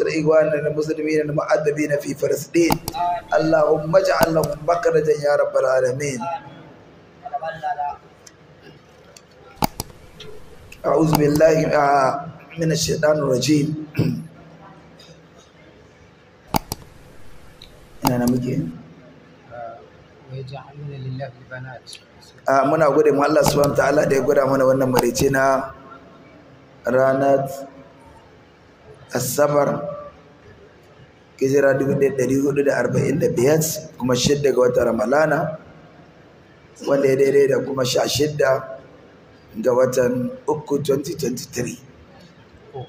إخواننا المسلمين المعذبين في فلسطين اللهم اجعل لهم مخرجا يا رب العالمين أعوذ بالله من الشيطان الرجيم ina muke muna gode mu Allah subhanahu ta'ala da ya gwada mana wannan marece na ranar asabar da hijira biyar kuma shidda ga wata ramalana wanda ya daidai da kuma sha shidda ga watan uku 2023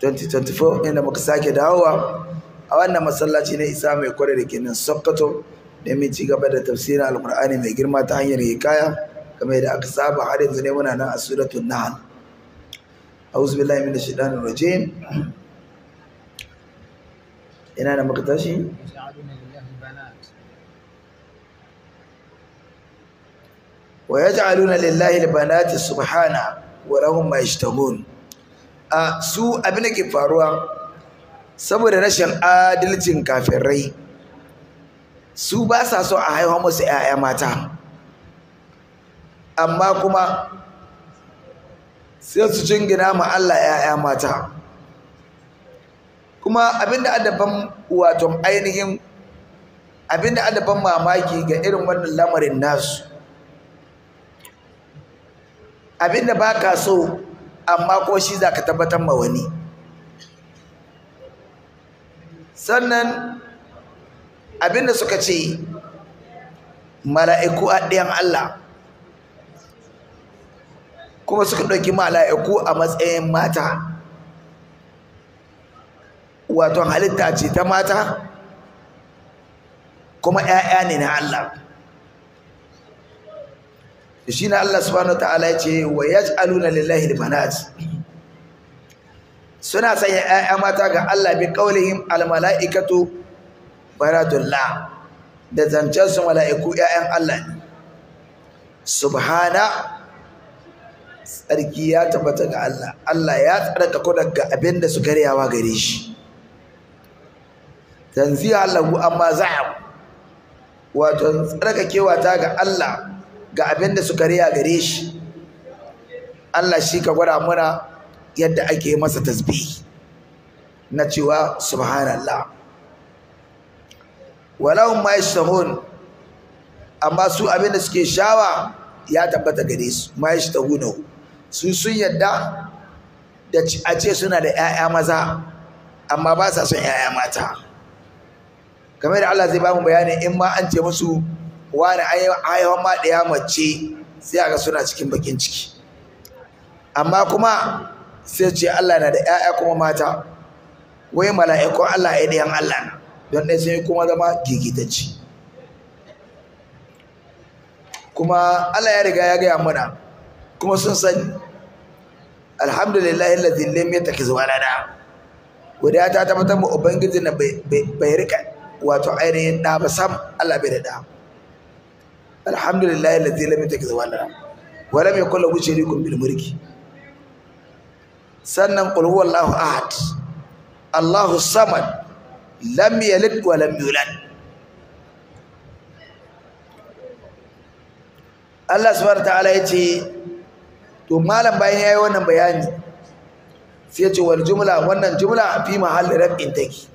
2024 inda muka sake dawowa a wannan masallaci na isa mai kwarar da ke nan sokoto domin ci gaba da tafsirin alkur'ani mai girma ta hanyar hikaya kamar yadda aka saba har yanzu ne muna nan a suratul nahl أعوذ بالله ina da muka tashi wa yaj'aluna lillahi libanati, subhana wa rahun ma yashtahun a su abin da ke faruwa saboda rashin adalcin kafirai su ba sa so a haihuwa musu 'ya'ya mata amma kuma sai su jingina ma Allah 'ya'ya mata kuma abinda adaban wato ainihin abinda adaban mamaki ga irin wannan lamarin nasu abinda ba ka so amma ko shi za ka tabbatar ma wani sannan abinda suka ce mala'iku a ɗayan Allah kuma suka ɗauki mala'iku a matsayin mata wato halitta ce ta mata kuma ‘ya'ya ne na Allah shi na Allah subhanahu ta'ala ya ce wa ya aluna lillahi manat suna sanya ‘ya'ya mata ga Allah bi ƙaunihim almala'ikatu baradullah da su mala'iku ‘ya'yan Allah ne subhana tsarki ya tabbata ga Allah Allah ya tsarka ku ga abin da su karyawa gare shi tanziha lahu amma za'am wato tsarkakewa ta ga Allah ga abinda da suka riya gare shi Allah shi ka gwada muna yadda ake masa tasbihi na cewa subhanallah walahum ma yashtahun amma su abin da suke shawa ya tabbata gare su ma yashtahun su sun yadda da a ce suna da 'ya'ya maza amma ba sa son 'ya'ya mata game da Allah zai ba mu bayani in ma an ce musu wani haihuwan ma ɗaya mace sai a ga suna cikin bakin ciki amma kuma sai ce Allah na da 'ya'ya kuma mata wai mala'ikun Allah ya ɗayan Allah don ɗaya sai kuma zama gigitacci kuma Allah ya riga ya gaya mana kuma sun san alhamdulillahi lazin lam yattakiz walada wadata ta tabbatar mu ubangiji na bai rika wato ainihin ɗa ba sam Allah bai da ɗa alhamdulillah alladhi lam yattakhidh walada wa lam yakul lahu sharikun bil mulki sannan qul huwallahu ahad Allahu samad lam yalid wa lam yulad Allah subhanahu wa ta'ala yace to malam bayan yayi wannan bayani sai ya ce wal jumla wannan jumla fi mahalli rab'in take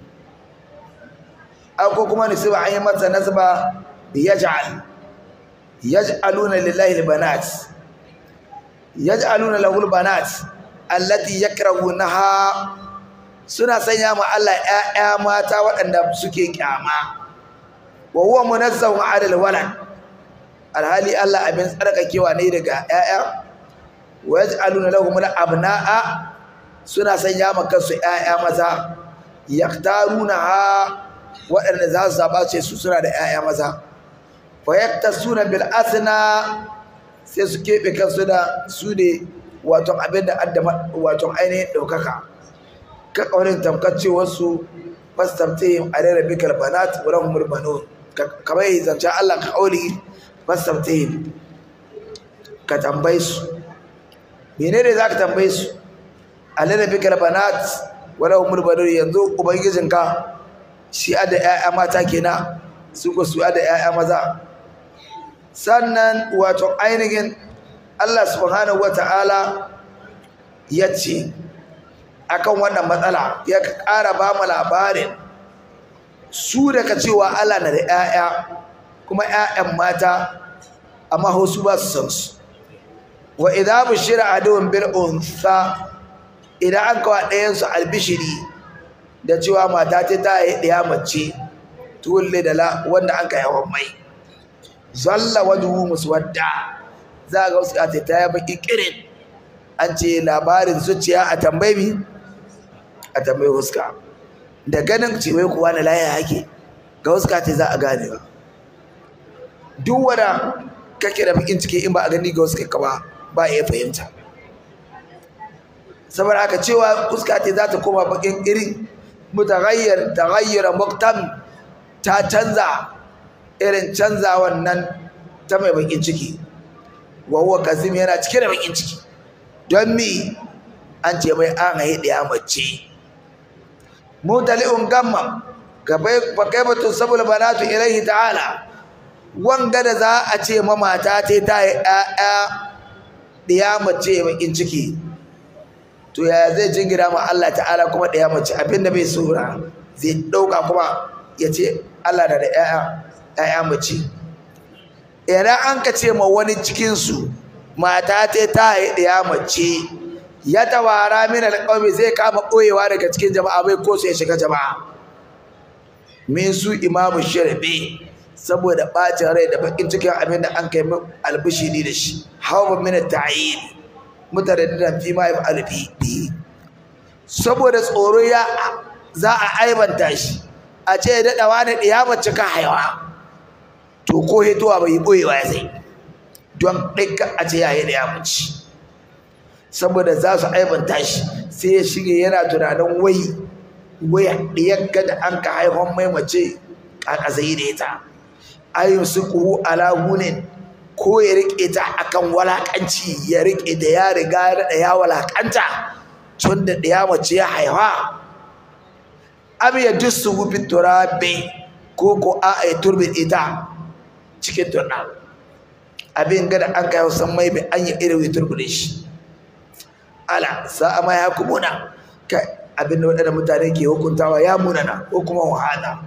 ko kuma nisba an yi nasba yaj'al yaj'aluna lillahi albanat yaj'aluna lahu albanat allati yakrahunaha suna sanya ma Allah ƴaƴa mata waɗanda suke kyama wa huwa munazzahu 'ala alwalad alhali Allah abin tsarkakewa ne daga ƴaƴa wa yaj'aluna lahum abnaa suna sanya ma kansu ƴaƴa maza yaktaruna ha waɗanda za su zaɓa ce su suna da 'ya'ya maza wa yakta suna bil asina sai su keɓe kansu da su ne wato abin da addama wato ainihin ɗaukaka ka ƙaurin tamkacewarsu fastamtihim a rera bikar banat wurin murmano kamar yi zancen allah ka ƙauri fastamtihim ka tambayi su Menene ne za ka tambayi su a rera bikar banat wurin murmano yanzu ubangijinka shi da 'ya'ya mata kenan su ko su da 'ya'ya maza sannan wato ainihin Allah subhanahu wata'ala ya ce akan wannan matsala ya ƙara ba mu labarin su daga cewa Allah na da 'ya'ya kuma 'ya'yan mata amma hosu ba su san su wa idza bushira adun bil unsa idan an kawo ɗayan su albishiri da cewa mata ce ta yi ɗaya mace tulle da la wanda an kai hawan mai zalla wajuhu muswadda za ga wasu ta ta yi baki kirin an ce labarin zuciya a tambayi a tambayi huska da ganin ce wai kuwa na laya yake ga wasu ce za a gane ba duk wanda kake da bikin ciki in ba a gani ga wasu ka ba ba ya fahimta saboda aka cewa huska ce za ta koma bakin irin mutaghayyir taghayyura muqtam ta canza irin canzawan nan ta mai bakin ciki wa kazim yana cike da bakin ciki don mi an ce mai an haye da mace mutali'un gammam gabai fa kaibatu sabul banatu ilaihi ta'ala wanda da za a ce mamata ta ta yi ƴaƴa ɗiya mace bakin ciki to ya zai jingira ma Allah ta'ala kuma da ya mace abin da bai so ba zai ɗauka kuma ya ce Allah da da ƴaƴa mace idan an ka ce ma wani cikinsu mata ta ta yi ɗaya mace ya tawara min alƙawmi zai kama ɓoyewa daga cikin jama'a bai ko sai shiga jama'a min su imamu sharbi saboda ɓacin rai da bakin cikin abin da an kai ne da shi hawa min ta'yin mutaraddidan fi ma alfi biyu. saboda tsoro ya za a aibanta shi a ce ya daɗa wani ɗiya mace ka haiwa to ko hitowa bai yi ɓoyewa ya zai don ɗinka a ce ya yi ɗiya ci. saboda za su aibanta shi sai ya shige yana tunanin wai wai ɗiyarka da an ka haihon mai mace a ƙasai da ita ayyusu kuhu ala hunin ko ya riƙe ta akan walakanci ya riƙe da ya riga da ya walaƙanta tun da ɗaya mace ya haifa am ya dusu wufi turabe ko ko a ya turbe ita cikin turna abin gada an kai wasan mai bai an yi irin wai shi ala a ma ya kumuna kai abin da waɗanda mutane ke hukuntawa ya munana ko kuma wahana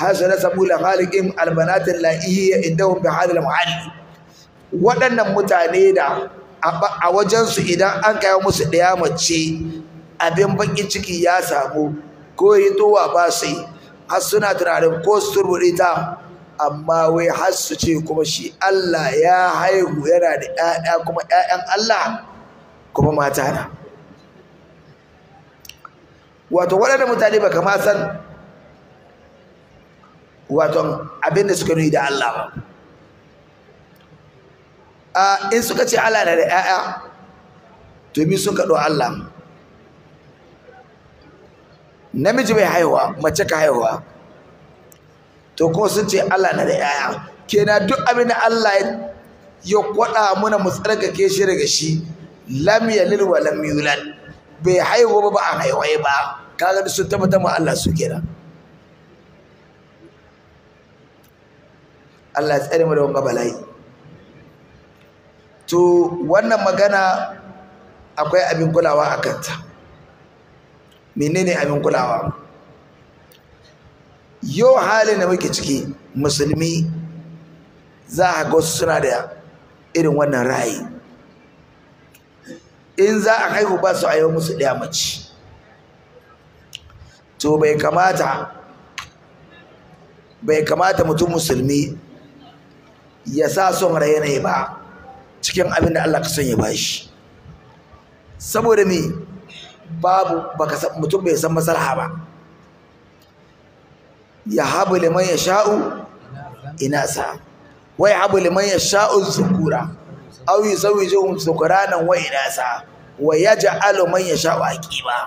na sabula khaliqin albanatin la'ihi indahum bi halil muhalli. waɗannan mutane da a wajensu idan an kai musu ɗaya mace abin bakin ciki ya samu ko yi tuwa ba su yi har suna tunanin ko su ta amma wai har su ce kuma shi Allah ya haihu yana da ‘ya'ya kuma ‘ya'yan Allah kuma mata na wato waɗanda mutane ba kama san wato abin da suka nuni da Allah ba in suka ce Allah na da ‘ya'ya to mi sun kaɗo Allah namiji bai haihuwa mace ka haihuwa to kuma sun ce Allah na da ‘ya'ya kenan duk abin da Allah ya kwaɗa muna mu tsarkake shi daga shi lam yalid wa lam yulad bai haihu ba ba a haihuwai ba kaga sun tabbata ma Allah su kenan Allah ya tsare mu da wanga bala'i to wannan magana akwai abin kulawa a kanta menene abin kulawa yau halin da muke ciki musulmi za a ga wasu suna da irin wannan ra'ayi in za a haihu ba su a yi musu ɗaya mace to bai kamata bai kamata mutum musulmi ya sa son rayanayi ba cikin abin da Allah ka son ya bashi saboda me babu baka san mutum bai san masalha ba ya habu liman yasha'u sha'u inasa wa ya habu liman yasha'u zukura aw yuzawwijuhum zukurana wa inasa wa yaj'alu man yasha'u sha'u aqiba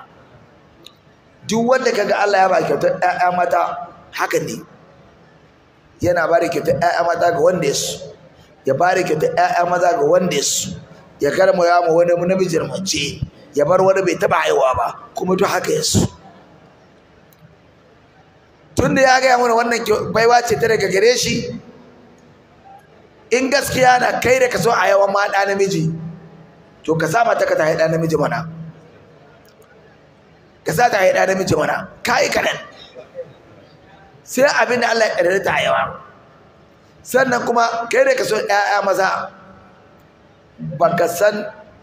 duk wanda kaga Allah ya ba kyautar ƴaƴa mata haka ne yana ba da kyautar ƴaƴa mata ga wanda ya so ya bari da ƴaƴa maza ga wanda ya su ya karma ya mu wani namijin mace ya bar wani bai taba haihuwa ba kuma to haka ya su tunda ya gaya mana wannan baiwa ce ta daga gare shi in gaskiya na kai da ka so a yawan ma ɗa namiji to ka sa mata ka ta ɗa namiji mana ka sa ta ɗa namiji mana ka yi kaɗan sai abin da Allah ya ƙarfi ta yawa sannan kuma kai da ka so ‘ya'ya maza ba ka san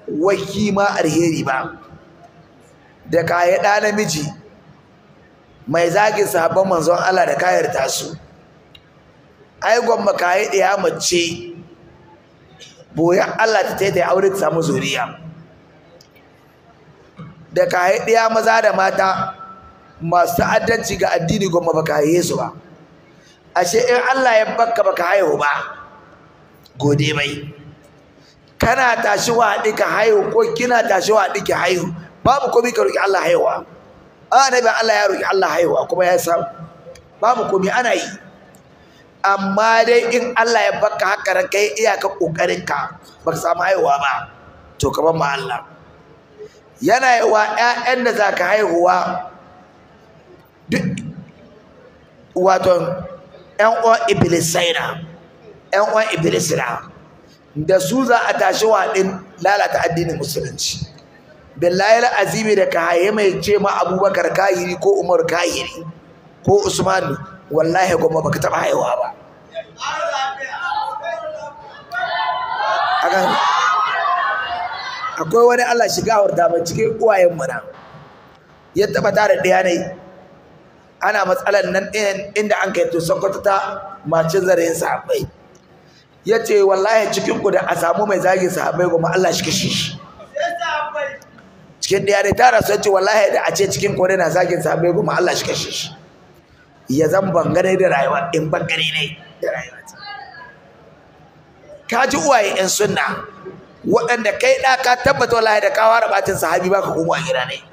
waki ma alheri ba da yi ɗa namiji mai zagin sabon manzon Allah da kayar tasu ai gwamma yi ɗaya mace boyan Allah ta taita aure ta samu zuriya da yi ɗaya maza da mata masu ta'addanci ga addini gwamma ba yi su ba ashe in Allah ya baka baka haihu ba gode mai kana tashi wa haɗi ka haihu ko kina tashi wa haɗi ki haihu babu komai ka roki Allah haihuwa annabi Allah ya roki Allah haihuwa kuma ya samu babu komai ana yi amma dai in Allah ya baka haka ran kai iyaka kokarin ka ba ka samu haihuwa ba to kaman ma Allah yana yi wa ƴaƴan da zaka haihuwa duk wato yan uwan ibilisaina yan uwan da su za a tashi waɗin lalata addinin musulunci billahi azimi da ka haye mai ce ma abubakar kahiri ko umar kahiri ko usman wallahi goma baka taba haihuwa ba akwai wani allah shiga hurta mai cikin uwayen na. ya taba tare ɗaya yanayi ana matsalar nan inda an kai to sokoto ta macin zarayin sahabbai ya ce wallahi cikin ku da a samu mai zagin sahabbai kuma Allah shi kashe shi cikin ɗaya da tara ce wallahi da a ce cikin ku na zagin sahabbai kuma Allah shi kashe shi ya zan bangare da rayuwa in bangare ne da rayuwa ka ji uwaye in sunna waɗanda kai ɗa ka tabbata wallahi da ka ware batin sahabi baka koma gida ne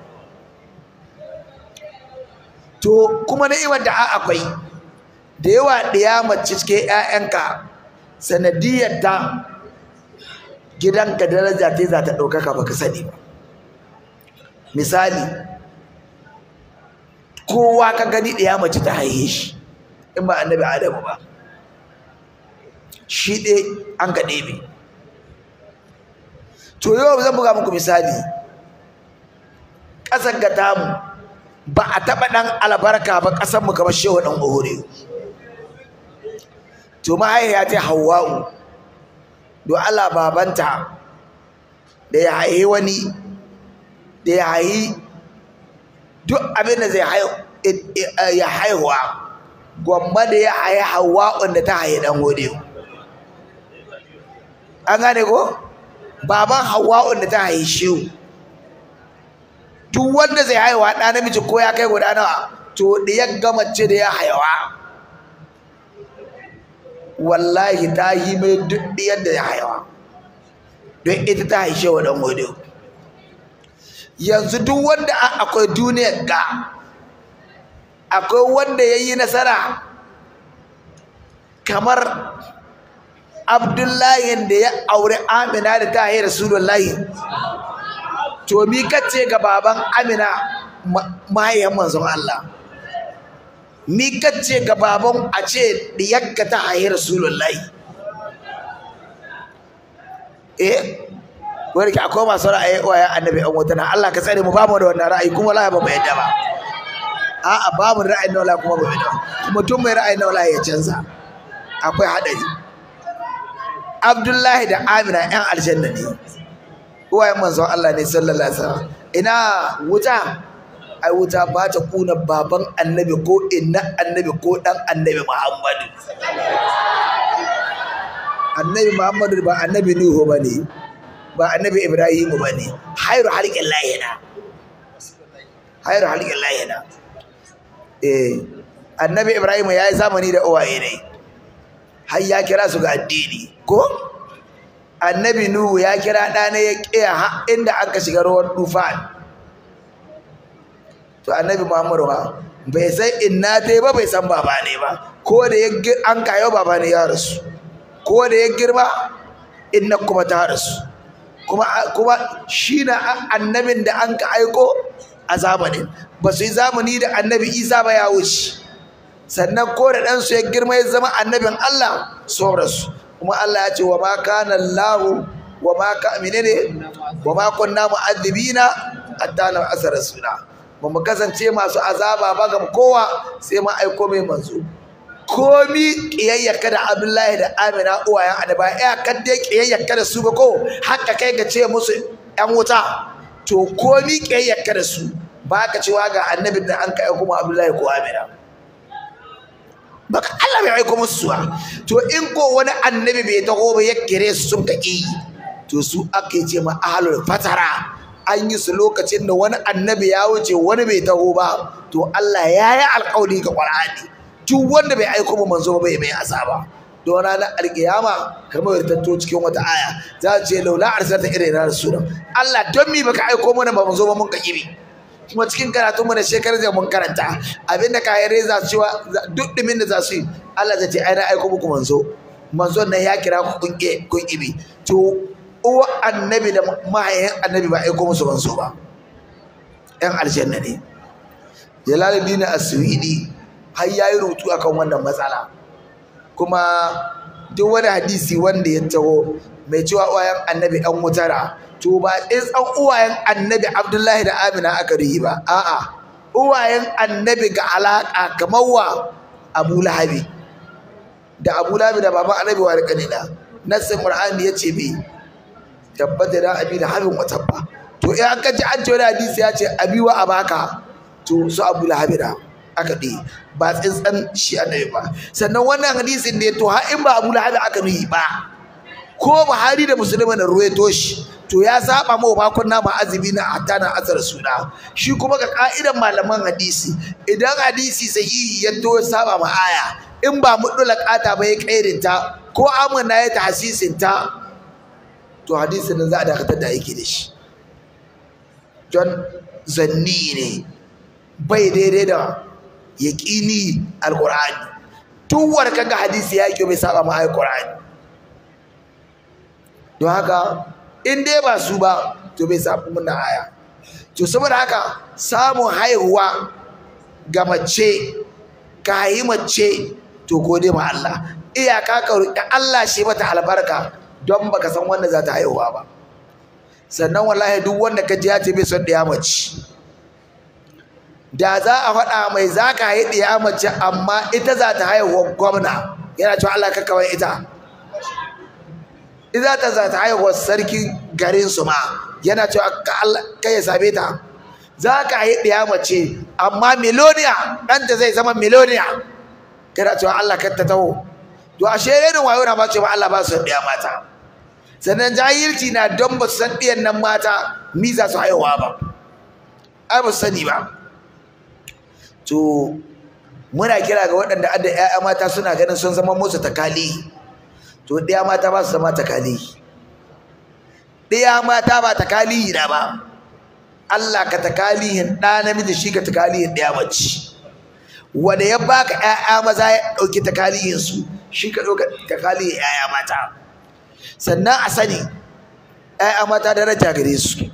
to kuma ni'imar da akwai da yawa ɗaya mace cike ƴaƴanka sanadiyar ta gidanka daraja ta za ta ɗaukaka baka sani ba misali kowa ka gani ɗaya mace ta haihe shi in ba annabi adamu ba shi ɗe an ka ɗebe to yau zan buga muku misali ƙasar ga tamu ba a taɓa ɗan albarka ba ƙasarmu kamar shehu ɗan uhuri to mahaifiya ta hawa'u do Allah babanta da ya haihi wani da ya haihi duk abin da zai ya haihuwa gwamma da ya haihi hawa'un da ta haihi ɗan hore an gane ko baban hawa'un da ta haihi shehu duk wanda zai haihuwa ɗa namiji ko ya kai guda nawa to da ya ce da ya haihuwa wallahi ta yi mai duk ɗiyar da ya haihuwa don ita ta haishe wa ɗan godiyo yanzu duk wanda akwai duniyar ga akwai wanda ya yi nasara kamar abdullahi da ya aure amina da ta haihar sunan layi to mi kace ga baban Amina mahaifiyar manzon Allah mi kace ga baban a ce diyakka ta haihi rasulullahi eh wani ki akwai masu ra'ayi ya annabi an wata Allah ka tsare mu ba mu da wannan ra'ayi kuma wallahi ba mu yadda ba a'a ba mu ra'ayin na wallahi kuma ba mu yadda kuma tun mai ra'ayin na wallahi ya canza akwai hadari Abdullahi da Amina 'yan aljanna ne uwayen manzon Allah ne sallallahu alaihi wasallam ina wuta ai wuta ba ta kuna baban annabi ko inna annabi ko dan annabi Muhammadu annabi Muhammadu ba annabi Nuhu bane ba annabi Ibrahim bane hayru halqin lahina hayru halqin lahina eh annabi Ibrahim yayi zamani da uwaye ne har ya kira su ga addini ko annabi nuhu ya kira ɗana ya ƙiya ha inda aka shiga ruwan dufan to annabi muhammadu ba bai san inna ta ba bai san baba ne ba ko da ya gir an kayo baba ne ya rasu ko da ya girma inna kuma ta rasu kuma kuma shi na annabin da an ka aiko a zamanin ba su yi zamani da annabi isa ba ya wuce sannan ko da ɗansu ya girma ya zama annabin allah sun rasu kuma Allah ya ce wa ma kana Allah wa ma ka ne, wa ma kunna mu'adhibina hatta nab'as rasula ba mu kasance masu azaba ba ga kowa sai mu aiko mai manzo komi kiyayyaka da Abdullahi da Amina uwayen adaba ya kadde kiyayyaka da su ba ko haka kai ga ce musu yan wuta to komi kiyayyaka da su ba cewa ga annabi da an kai kuma Abdullahi ko Amina baka Allah bai aiko musu suwa to in ko wani annabi bai taho ba ya kire su sun kake to su ake ce ma ahlul fatara an yi su lokacin da wani annabi ya wuce wani bai taho ba to Allah ya yi alƙawari ga Qur'ani duk wanda bai aiko ba manzo ba bai mai azaba don ranar alƙiyama kamar to cikin wata aya za ce laula arsalta irin rasulun Allah don mi baka aiko mana ba manzo ba mun kuma cikin karatu mu da shekarar da mun karanta abinda yare za su duk dumin da za su Allah zai ce ai na aiko muku manzo manzo nan ya kira ku kun ke kun ibi to uwa annabi da mahaihin annabi ba aiko musu manzo ba yan aljanna ne Jalaluddin Aswidi har yayi rubutu akan wannan matsala kuma duk wani hadisi wanda ya taho mai cewa uwayen annabi dan wutara to ba tsitsan uwayen annabi abdullahi da amina aka rihi ba a'a uwayen annabi ga alaƙa kamar wa abu lahabi da abu lahabi da baban annabi wa rikanina nassin qur'ani ya ce me tabbata da abi da habin ba. to in aka ji an ce wani hadisi ya ce abi wa abaka to su abu lahabi da aka ɗi ba tsintsan shi annabi ba sannan wannan hadisin ne to har in ba abu lahabi aka rihi ba ko Buhari da Musulmi na ruwaito shi to ya saba ma bakon nama azumi na hatta na azar suna shi kuma ga ka'idan malaman hadisi idan hadisi sahihi ya to saba ma aya in ba mu mudula kata ba ya kairinta ko amana ya tahsisinta ta to hadisi nan za a dakatar da yake da shi don zanni ne bai daidai da yaƙini alƙur'ani tun warkar ga hadisi ya yi bai saba ma alƙur'ani don haka in dai ba su ba to bai samu muna aya to saboda haka samun haihuwa ga mace ka yi mace to gode ma Allah iyaka ka roƙi Allah shi mata albarka don baka san wanda za ta haihuwa ba sannan wallahi duk wanda ka ji ya ce bai son ɗaya mace da za a faɗa mai za ka haihu ɗaya mace amma ita za ta haihuwa gwamna yana cewa Allah ka kawai ita iza ta za ta haihuwa sarki garin su ma yana cewa kai ya same ta za ka yi ɗaya mace amma miloniya ɗanta zai zama miloniya kana cewa Allah kar ta taho to shere ne wayo na ba cewa Allah ba su ɗaya mata sannan jahilci na don ba su san ɗiyan nan mata mi za su haihuwa ba ai ba su sani ba to muna kira ga waɗanda adda 'ya'ya mata suna ganin sun zama musu takali to ɗaya mata ba su zama takali ɗaya mata ba takali na ba Allah ka takalihin ɗa namiji shi ka takalihin ɗaya mace wanda ya baka ƴaƴa maza ya ɗauki takalihin su shi ka ɗauka takalihin ƴaƴa mata sannan a sani ƴaƴa mata daraja gare su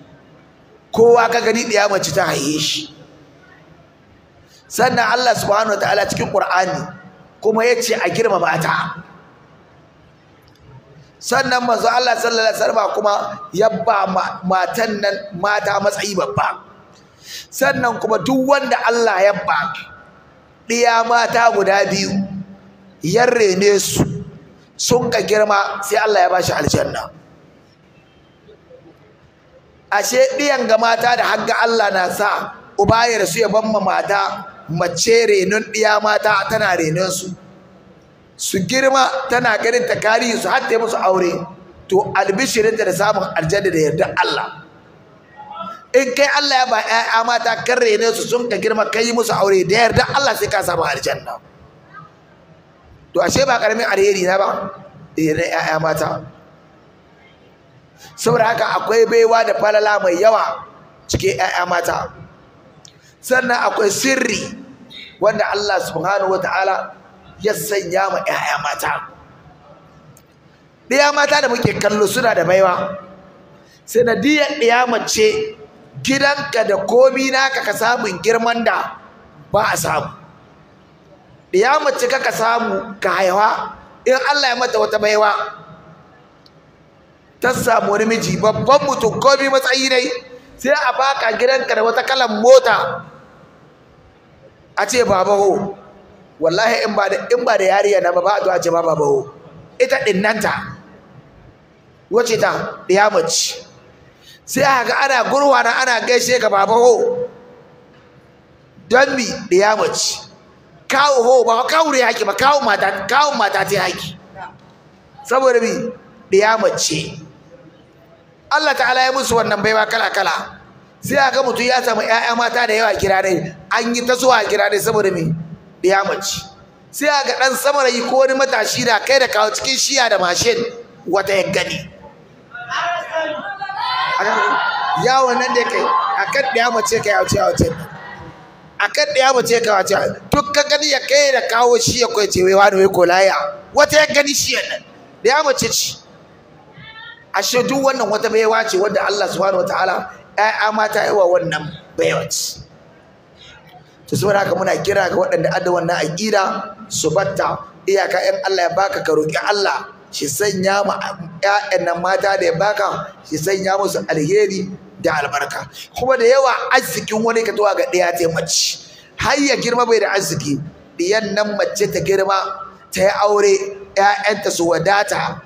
kowa ka gani ɗaya mace ta haihe shi sannan Allah subhanahu wa ta'ala cikin Qur'ani kuma ya ce a girmama ta sannan manzo Allah sallallahu alaihi wasallam kuma ya ba matan nan mata matsayi babba sannan kuma duk wanda Allah ya ba ɗiya mata guda biyu ya rene su sun ka girma sai Allah ya ba shi aljanna ashe ɗiyan ga mata da hagga Allah na sa uba ya su ya bamma mata mace renon ɗiya mata tana renon su su girma tana ganin ta kari su har musu aure to albishirin da samun aljanna da yarda Allah in kai Allah ya ba ƴaƴa mata kan rene su sun ka girma kai musu aure da yarda Allah sai ka samu aljanna to ashe ba karamin alheri na ba da eh, ƴaƴa mata saboda haka akwai baiwa da falala mai yawa cikin ƴaƴa mata sannan akwai sirri wanda Allah subhanahu wataala ya sanya ma 'ya'ya mata ɗaya mata da muke kallo suna da baiwa sanadiyar ɗaya mace gidanka da komi naka ka samun girman da ba a samu Ɗaya mace ka samu ka haihuwa in Allah ya mata wata baiwa ta samu wani miji babban mutum komi matsayi ne sai a baka gidanka da wata kalan mota a ce babaho. wallahi in ba da in ba da yariya na ba ba a ce ba babawo ita dinnanta wace ta ya mace sai aka ga ana gurwa na ana gaishe ka babawo don mi da ya mace kawo ho ba kawo ya yaki ba kawo mata kawo mata ta yaki saboda mi da ya mace Allah ta'ala ya musu wannan baiwa kala kala sai aka mutum ya samu ƴaƴa mata da yawa kira dai an yi ta zuwa kira dai saboda me Ɗaya mace sai a ga ɗan yi ko wani matashi da kai da kawo cikin shiya da mashin wata ya gani yawon nan da kai a kan ɗaya mace kai a wuce a wuce a kan ɗaya mace kai a wuce duk ka gani ya kai da kawo shi ya kwaice wai wani wai kolaya wata ya gani shi nan ɗaya mace ce ashe duk wannan wata baiwa ce wanda Allah subhanahu wataala ƴaƴa amata yawa wannan baiwa ce to saboda haka muna kira ga waɗanda adda wannan aƙida su batta iyaka in Allah ya baka ka roƙi Allah shi sanya mu ƴaƴan nan mata da ya baka shi sanya musu alheri da albarka kuma da yawa arzikin wani ka zuwa ga ɗaya ta mace har ya girma bai da arziki ɗiyan nan mace ta girma ta yi aure ƴaƴanta su wadata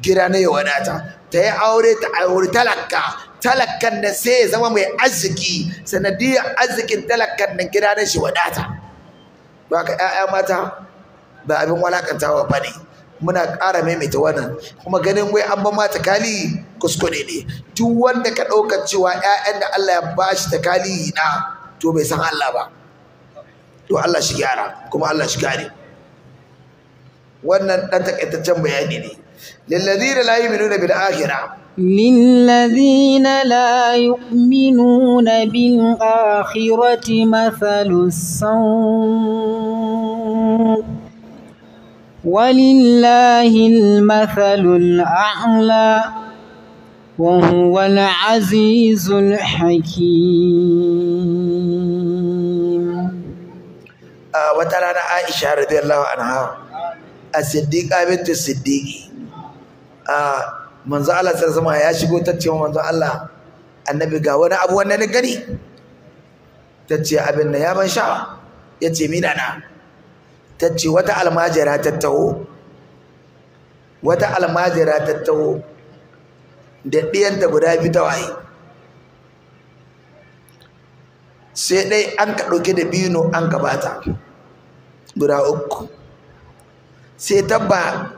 gida na ya wadata ta yi aure ta aure talaka talakan nan sai ya zama mai arziki sanadiyar arzikin talakan nan gida na shi wadata ba ka ƴaƴa mata ba abin walakantawa ba ne muna ƙara maimaita wannan kuma ganin wai an ba ma takali kuskure ne duk wanda ka ɗaukar cewa ƴaƴan da Allah ya ba shi takali na to bai san Allah ba to Allah shi gyara kuma Allah shi gane wannan ɗan takaitaccen bayani ne للذين لا يؤمنون بالآخرة للذين لا يؤمنون بالآخرة مثل السوء ولله المثل الأعلى وهو العزيز الحكيم وترانا عائشة رضي الله عنها الصديقة بنت الصديقي manzo Allah sai zama ya shigo ta ce manzo Allah annabi ga wani abu wanda na gani ta ce abin da ya ban sha ya ce mina na ta ce wata almajira ta taho wata almajira ta taho da ɗiyanta guda biyu ta waye sai dai an ka ɗauki da bino an ka bata guda uku sai tabba.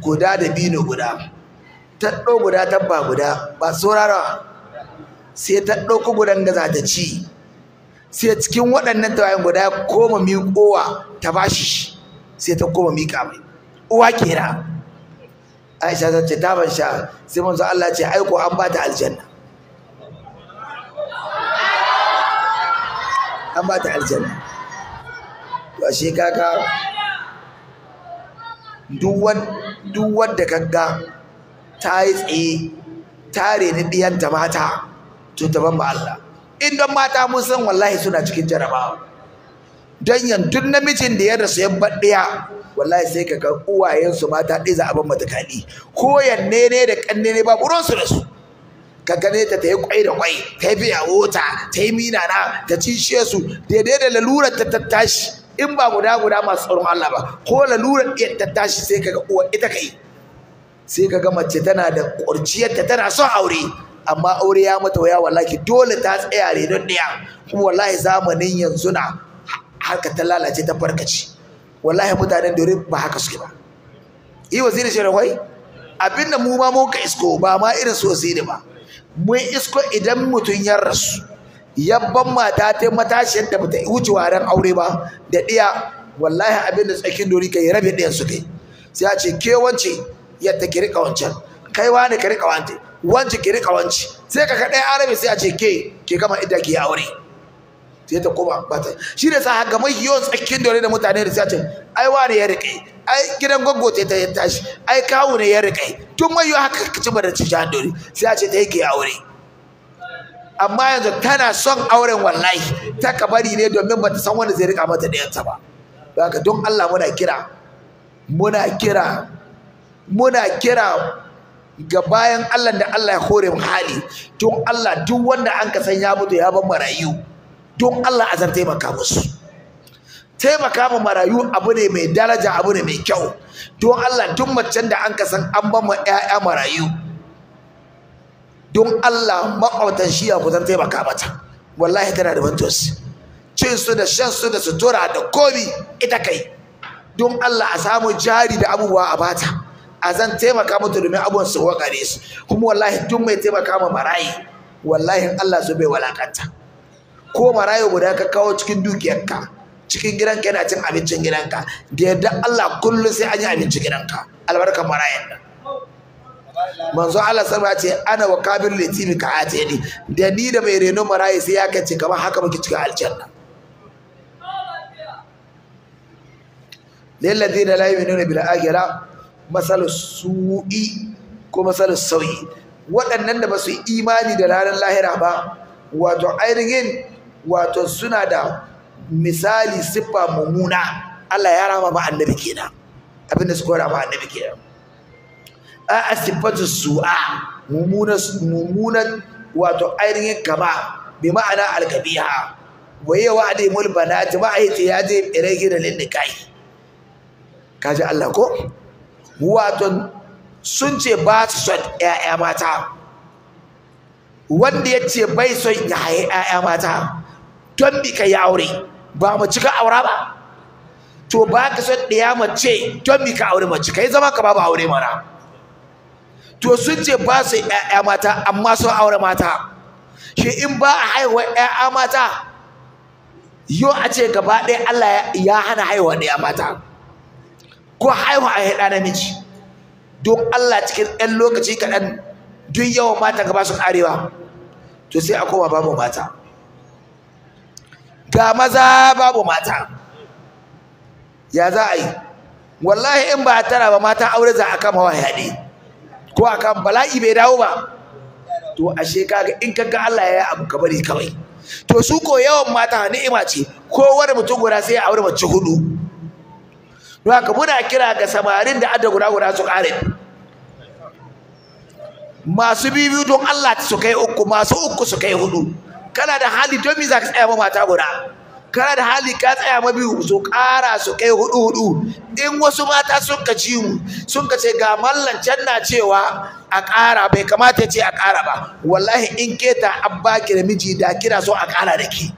guda da bino guda ta guda tabba guda ba saurara sai ta ku gudan da za ta ci sai cikin waɗannan tawayen guda koma miƙowa ta bashi sai ta koma miƙa mai uwa kenan aisha ta ce ta ban sha sai manzo Allah ce aiko an ba ta aljanna an ba ta aljanna to ashe kaka duk wani duk wadda kanga ta yi tsaye ta reni ɗiyanta mata to ta ban Allah in don mata mun san wallahi suna cikin jarabawa don yantun namijin da ya rasu ya baɗiya wallahi sai ka ga uwayensu mata ɗiza abin matakaɗi ko yanne ne da ƙanne ne ba buronsu da su ka gane ta ta yi kwai da kwai ta yi biya wota ta yi minana ta cishe su daidai da lalurar ta tattashi in ba guda guda masu tsoron Allah ba ko lalurar ta tashi sai kaga uwa ita kai sai kaga mace tana da ƙurciyarta tana son aure amma aure ya mata waya wallahi dole ta tsaya ne don ɗaya kuma wallahi zamanin yanzu na harka ta lalace ta farkaci wallahi mutanen dore ba haka suke ba yi waziri shi rahwai abinda mu ma mun ka isko ba ma irin su waziri ba mun isko idan mutum ya rasu yabban mata ta matashin da bata wuce waran aure ba da ɗiya wallahi abin da tsakin dori kai rabe ɗayan su kai sai a ce ke wance yadda ki rika wancan kai wani ki rika wance wance ki rika wance sai ka kaɗai arabi sai a ce ke ke gama idda ki aure sai ta koma bata. shi ne sa haka mai yawan tsakin dori da mutane da sai a ce ai wani ya riƙe ai gidan goggo ta ta tashi ai kawu ne ya riƙe tun mai yawan haka ka ci ba da ci dori sai a ce ta yi ki aure amma yanzu tana son auren wallahi ta bari ne domin bata san wanda zai rika mata dayanta ba haka don Allah muna kira muna kira muna kira ga bayan Allah da Allah ya hore mu hali don Allah duk wanda an ka san ya mutu ya ban marayu don Allah azan taimaka musu taimaka ma marayu abu ne mai daraja abu ne mai kyau don Allah duk macen da an ka san an bar ma 'ya'ya marayu don Allah makwabtan shiya ku zan taimaka mata wallahi tana da mantos cin su da shan su da sutura da komi ita kai don Allah a samu jari da abubuwa a bata a zan taimaka mata domin abubuwan su wakare su kuma wallahi duk mai taimaka ma marayi wallahi Allah su bai walakanta ko marayi guda ka kawo cikin dukiyarka cikin gidanka yana cin abincin gidanka da yadda Allah kullum sai an yi abincin gidanka albarkar marayan nan manzo Allah sama ce ana wa kabir litimi ka atini da ni da mai reno marayi sai ya kace kamar haka muke cikin aljanna lil ladina la yu'minuna bil akhirah masal su'i ko masal sauyi waɗannan da ba su imani da ranar lahira ba wato ainihin wato suna da misali siffa mummuna Allah ya rama ba annabi kenan abinda suka rama annabi kenan a sifatu su'a mummunan mumuna wato ainihin kama bi ma'ana alkabiha waye wa'adi mul banati ba ai ta yaje irege da lindikai kaje Allah ko wato sun ce ba su son ƴaƴa mata wanda ya ce bai son ya haye ƴaƴa mata don bi ka yi aure ba mu cika aura ba to ba ka son ɗaya mace don bi ka aure mace kai zama ka ba ba aure mana to sun ce ba su ƴaƴa mata amma sun aure mata shi in ba a haihuwa ƴaƴa mata yo a ce gaba ɗaya Allah ya hana haihuwa ɗaya mata ko haihu a haɗa namiji don Allah cikin ɗan lokaci kaɗan duk yawan mata gaba su ƙarewa to sai a koma babu mata ga maza babu mata ya za a yi wallahi in ba a tara ba mata aure za a kama wa yaɗe ko a kan bala'i bai dawo ba to ashe kaga in kaga Allah ya yi abu ka bari kawai to su ko yawan mata ni'ima ce kowar mutum guda sai a aure mace hudu to haka muna kira ga samarin da adda guda guda su kare masu bibiyu don Allah su kai uku masu uku su kai hudu kana da hali don me za ka tsaya ma mata guda kana da hali ka tsaya mabiyu su ƙara su kai hudu hudu in wasu mata sun ka ci mu sun ka ce ga mallan can na cewa a ƙara bai kamata ce a ƙara ba wallahi in keta abba ki da miji da kira so a ƙara da ki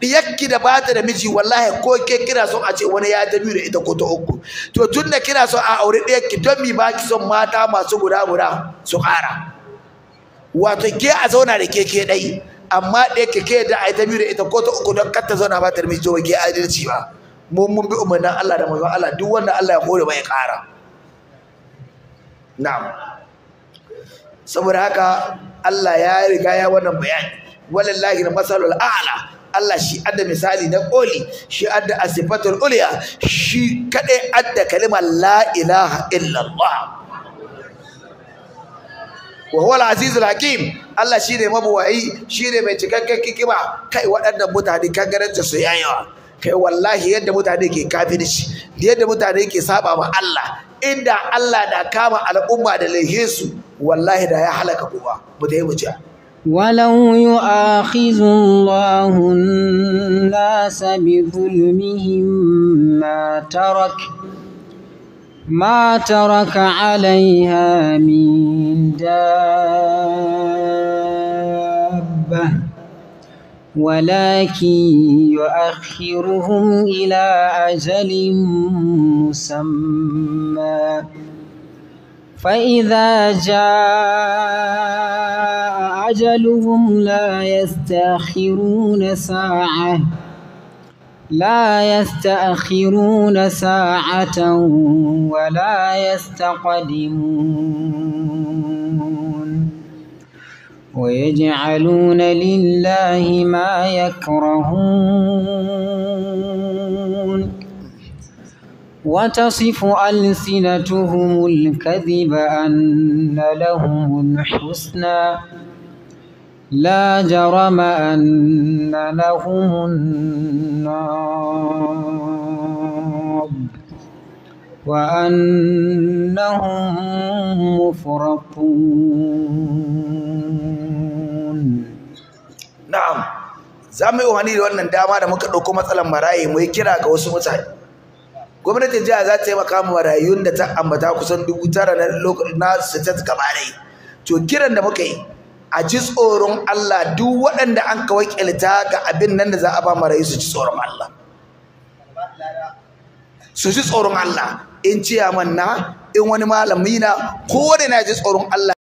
diyakki da bata da miji wallahi ko ke kira son a ce wani ya ta da ita ko ta uku to tun da kira so a aure diyakki don mi ba ki son mata masu guda guda su ƙara wato ke a zauna da ke ke ɗai amma da keke da ai ta biyu da ita ko ta uku don kar ta zauna ba ta mai jiwa ke adalci ba mu mun bi umarnin Allah da manzon Allah duk wanda Allah ya hore ba ya ƙara na'am saboda haka Allah ya riga ya wannan bayani na masalul a'la Allah shi adda misali na koli shi adda asifatul uliya shi kadai adda kalimar la ilaha illallah wa huwa al-azizul hakim Allah shi ne mabuwayi shi ne mai cikakken kikima kai waɗannan mutane kangaranta su yayawa kai wallahi yadda mutane ke kafirci da yadda mutane ke saba ma Allah inda Allah da kama al'umma da laihinsu wallahi da ya halaka kuma mu dai mu ji ولو يؤاخذ الله الناس بظلمهم ما ترك ما ترك عليها من دابة ولكن يؤخرهم إلى أجل مسمى فإذا جاء أجلهم لا يستأخرون ساعة لا يستأخرون ساعة ولا يستقدمون ويجعلون لله ما يكرهون وتصف ألسنتهم الكذب أن لهم الحسنى لا جرم أن لهم النار وأنهم مفرطون نعم za mu yi wani da wannan dama da muka ɗauko matsalar marayi mu yi kira ga wasu mutane gwamnatin jiha za ta yi makamu marayun da ta ambata kusan dubu tara na state gaba to kiran da muka yi a ji tsoron Allah duk waɗanda an kawai ƙyalta ga abin nan da za a ba rai su ji tsoron Allah su ji tsoron Allah in ciyaman na in wani malami na da na ji tsoron Allah